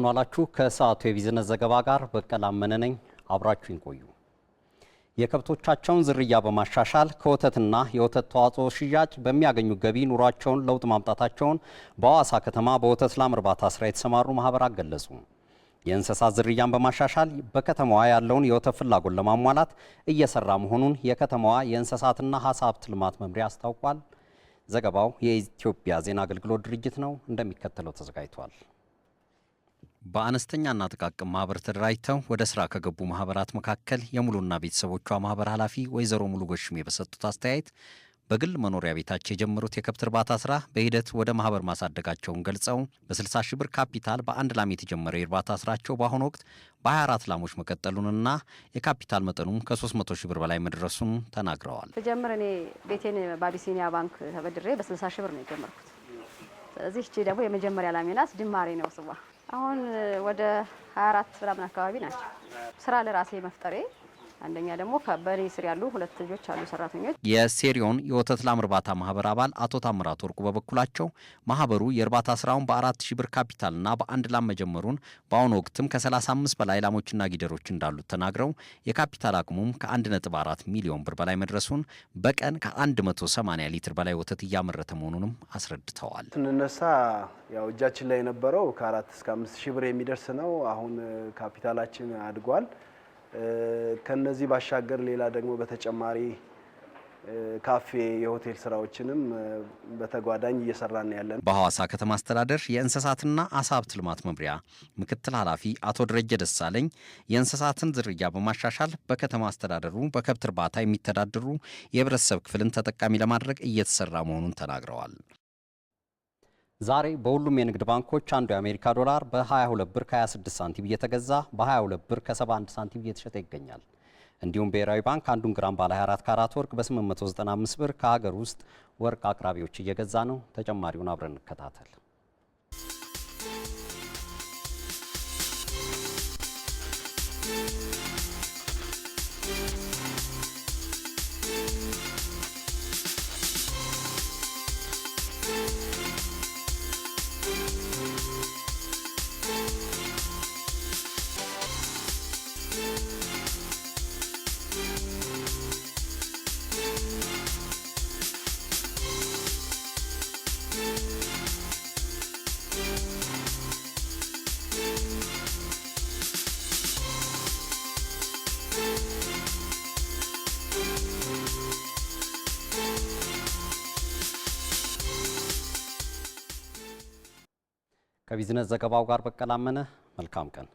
እንደምን ዋላችሁ። ከሰዓቱ የቢዝነስ ዘገባ ጋር በቀለ አመነ ነኝ። አብራችሁን ቆዩ። የከብቶቻቸውን ዝርያ በማሻሻል ከወተትና የወተት ተዋጽኦ ሽያጭ በሚያገኙ ገቢ ኑሯቸውን ለውጥ ማምጣታቸውን በሐዋሳ ከተማ በወተት ላም እርባታ ስራ የተሰማሩ ማህበራት ገለጹ። የእንስሳት ዝርያን በማሻሻል በከተማዋ ያለውን የወተት ፍላጎት ለማሟላት እየሰራ መሆኑን የከተማዋ የእንስሳትና ዓሳ ሀብት ልማት መምሪያ አስታውቋል። ዘገባው የኢትዮጵያ ዜና አገልግሎት ድርጅት ነው፣ እንደሚከተለው ተዘጋጅቷል። በአነስተኛና ጥቃቅን ማህበር ተደራጅተው ወደ ስራ ከገቡ ማህበራት መካከል የሙሉና ቤተሰቦቿ ማህበር ኃላፊ ወይዘሮ ሙሉ ጎሽሜ በሰጡት አስተያየት በግል መኖሪያ ቤታቸው የጀመሩት የከብት እርባታ ስራ በሂደት ወደ ማህበር ማሳደጋቸውን ገልጸው በ60 ሺህ ብር ካፒታል በአንድ ላም የተጀመረው የእርባታ ስራቸው በአሁኑ ወቅት በ24 ላሞች መቀጠሉንና የካፒታል መጠኑም ከ300 ሺህ ብር በላይ መድረሱን ተናግረዋል። ተጀምር እኔ ቤቴን በአቢሲኒያ ባንክ ተበድሬ በ60 ሺህ ብር ነው የጀመርኩት። ስለዚህ እቺ ደግሞ የመጀመሪያ ላሜ ናት። ድማሬ ነው ስዋ አሁን ወደ 24 ምናምን አካባቢ ናቸው። ስራ ለራሴ መፍጠሬ አንደኛ ደግሞ በእኔ ስር ያሉ ሁለት ልጆች አሉ ሰራተኞች። የሴሪዮን የወተት ላም እርባታ ማህበር አባል አቶ ታምራት ወርቁ በበኩላቸው ማህበሩ የእርባታ ስራውን በአራት ሺህ ብር ካፒታልና በአንድ ላም መጀመሩን በአሁኑ ወቅትም ከ35 በላይ ላሞችና ጊደሮች እንዳሉት ተናግረው የካፒታል አቅሙም ከ1.4 ሚሊዮን ብር በላይ መድረሱን በቀን ከ180 ሊትር በላይ ወተት እያመረተ መሆኑንም አስረድተዋል። ስንነሳ ያው እጃችን ላይ የነበረው ከአራት እስከ አምስት ሺህ ብር የሚደርስ ነው። አሁን ካፒታላችን አድጓል። ከነዚህ ባሻገር ሌላ ደግሞ በተጨማሪ ካፌ የሆቴል ስራዎችንም በተጓዳኝ እየሰራን ያለን። በሐዋሳ ከተማ አስተዳደር የእንስሳትና አሳ ሀብት ልማት መምሪያ ምክትል ኃላፊ አቶ ደረጀ ደሳለኝ የእንስሳትን ዝርያ በማሻሻል በከተማ አስተዳደሩ በከብት እርባታ የሚተዳደሩ የህብረተሰብ ክፍልን ተጠቃሚ ለማድረግ እየተሰራ መሆኑን ተናግረዋል። ዛሬ በሁሉም የንግድ ባንኮች አንዱ የአሜሪካ ዶላር በ22 ብር ከ26 ሳንቲም እየተገዛ በ22 ብር ከ71 ሳንቲም እየተሸጠ ይገኛል። እንዲሁም ብሔራዊ ባንክ አንዱን ግራም ባለ 24 ካራት ወርቅ በ895 ብር ከሀገር ውስጥ ወርቅ አቅራቢዎች እየገዛ ነው። ተጨማሪውን አብረን እንከታተል። ከቢዝነስ ዘገባው ጋር በቀላመነ መልካም ቀን